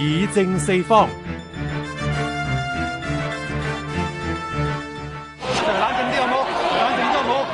議政四方。冷靜啲好冇，冷靜啲好冇。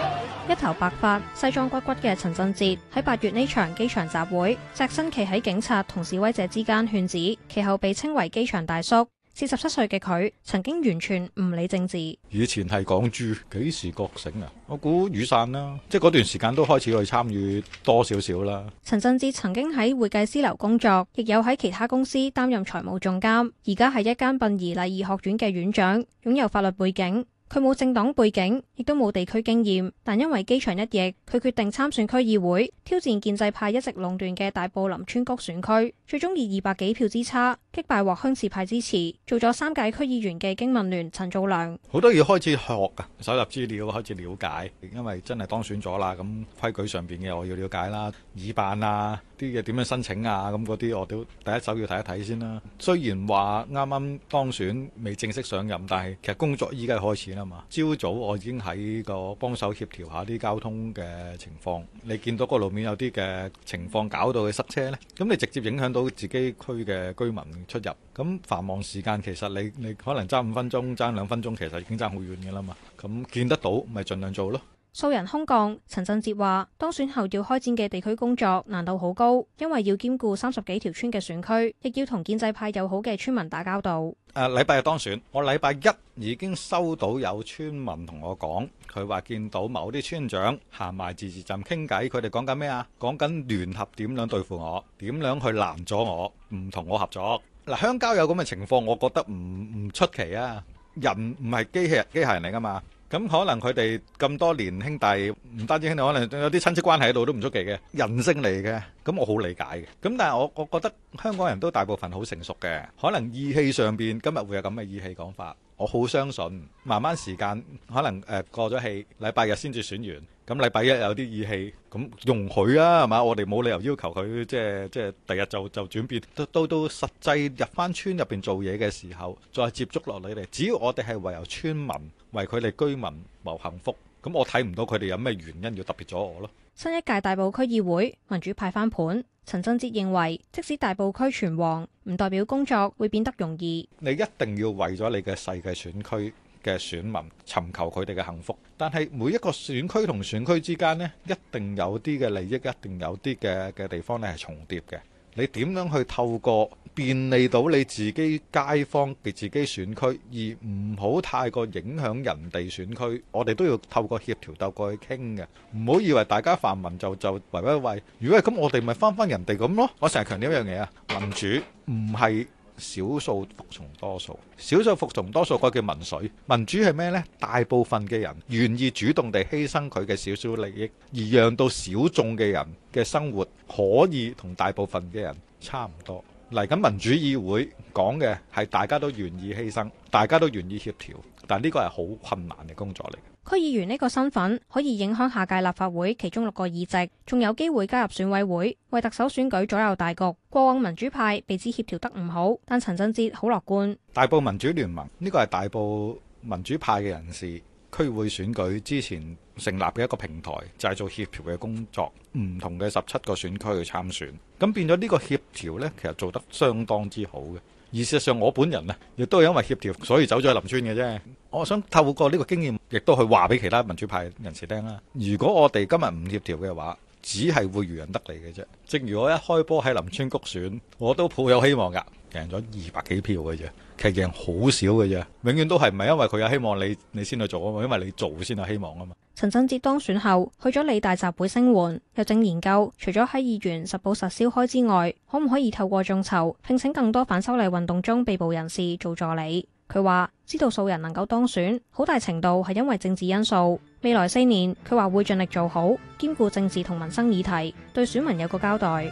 一頭白髮，西裝骨骨嘅陳振哲喺八月呢場機場集會，隻身企喺警察同示威者之間勸止，其後被稱為機場大叔。四十七歲嘅佢曾經完全唔理政治，以前係港豬，幾時覺醒啊？我估雨傘啦、啊，即係嗰段時間都開始去參與多少少啦。陳振哲曾經喺會計師樓工作，亦有喺其他公司擔任財務總監，而家係一間殯儀禮儀學院嘅院長，擁有法律背景。佢冇政黨背景，亦都冇地區經驗，但因為機場一役，佢決定參選區議會，挑戰建制派一直壟斷嘅大埔林村谷選區，最終以二百幾票之差擊敗獲鄉事派支持，做咗三屆區議員嘅經民聯陳祖良。好多要開始學噶，搜集資料，開始了解，因為真係當選咗啦，咁規矩上邊嘅我要了解啦，議辦啊。啲嘅點樣申請啊？咁嗰啲我都第一手要睇一睇先啦，啊。雖然話啱啱當選未正式上任，但係其實工作依家開始啦嘛。朝早我已經喺個幫手協調下啲交通嘅情況。你見到個路面有啲嘅情況搞到佢塞車呢，咁你直接影響到自己區嘅居民出入。咁繁忙時間其實你你可能爭五分鐘、爭兩分鐘，其實已經爭好遠嘅啦嘛。咁見得到咪盡量做咯。素人空降，陳振哲話當選後要開展嘅地區工作難度好高，因為要兼顧三十幾條村嘅選區，亦要同建制派友好嘅村民打交道。誒、呃，禮拜日當選，我禮拜一已經收到有村民同我講，佢話見到某啲村長行埋自治站傾偈，佢哋講緊咩啊？講緊聯合點樣對付我，點樣去攔咗我，唔同我合作。嗱、呃，鄉郊有咁嘅情況，我覺得唔唔出奇啊！人唔係機器人，機械人嚟噶嘛。咁可能佢哋咁多年兄弟，唔單止兄弟，可能有啲親戚關係喺度，都唔出奇嘅。人性嚟嘅，咁我好理解嘅。咁但係我我覺得香港人都大部分好成熟嘅，可能義氣上面今日會有咁嘅義氣講法。我好相信，慢慢時間可能誒、呃、過咗氣，禮拜日先至選完。咁禮拜一有啲意氣，咁容許啊，係嘛？我哋冇理由要求佢即係即係第日就就轉變。到到到實際入翻村入邊做嘢嘅時候，再接觸落你哋。只要我哋係為由村民為佢哋居民謀幸福。咁我睇唔到佢哋有咩原因要特別咗我咯。新一屆大埔區議會民主派翻盤，陳振哲認為，即使大埔區全黃，唔代表工作會變得容易。你一定要為咗你嘅世界選區嘅選民尋求佢哋嘅幸福，但係每一個選區同選區之間呢，一定有啲嘅利益，一定有啲嘅嘅地方呢係重疊嘅，你點樣去透過便利到你自己街坊嘅自己選區，而唔好太過影響人哋選區？我哋都要透過協調鬥過去傾嘅。唔好以為大家泛民就就唯唯唯。如果係咁，我哋咪翻返人哋咁咯。我成日強調一樣嘢啊，民主唔係。少數服從多數，少數服從多數，個叫民粹。民主係咩呢？大部分嘅人願意主動地犧牲佢嘅少少利益，而讓到小眾嘅人嘅生活可以同大部分嘅人差唔多。嚟緊民主議會講嘅係大家都願意犧牲，大家都願意協調，但呢個係好困難嘅工作嚟。區議員呢個身份可以影響下屆立法會其中六個議席，仲有機會加入選委會，為特首選舉左右大局。過往民主派被指協調得唔好，但陳振哲好樂觀。大埔民主聯盟，呢個係大埔民主派嘅人士，區會選舉之前成立嘅一個平台，就係做協調嘅工作。唔同嘅十七個選區去參選，咁變咗呢個協調呢，其實做得相當之好嘅。而事實上，我本人呢，亦都係因為協調，所以走咗去林村嘅啫。我想透過呢個經驗，亦都去話俾其他民主派人士聽啦。如果我哋今日唔協調嘅話，只係會漁人得利嘅啫。正如我一開波喺林村谷選，我都抱有希望㗎，贏咗二百幾票嘅啫，其實贏好少嘅啫。永遠都係唔係因為佢有希望你，你你先去做啊嘛？因為你做先有希望啊嘛。陳振哲當選後，去咗理大集會聲援，又正研究，除咗喺議員實報實銷開之外，可唔可以透過眾籌聘請更多反修例運動中被捕人士做助理。佢話知道素人能夠當選，好大程度係因為政治因素。未來四年，佢話會盡力做好，兼顧政治同民生議題，對選民有個交代。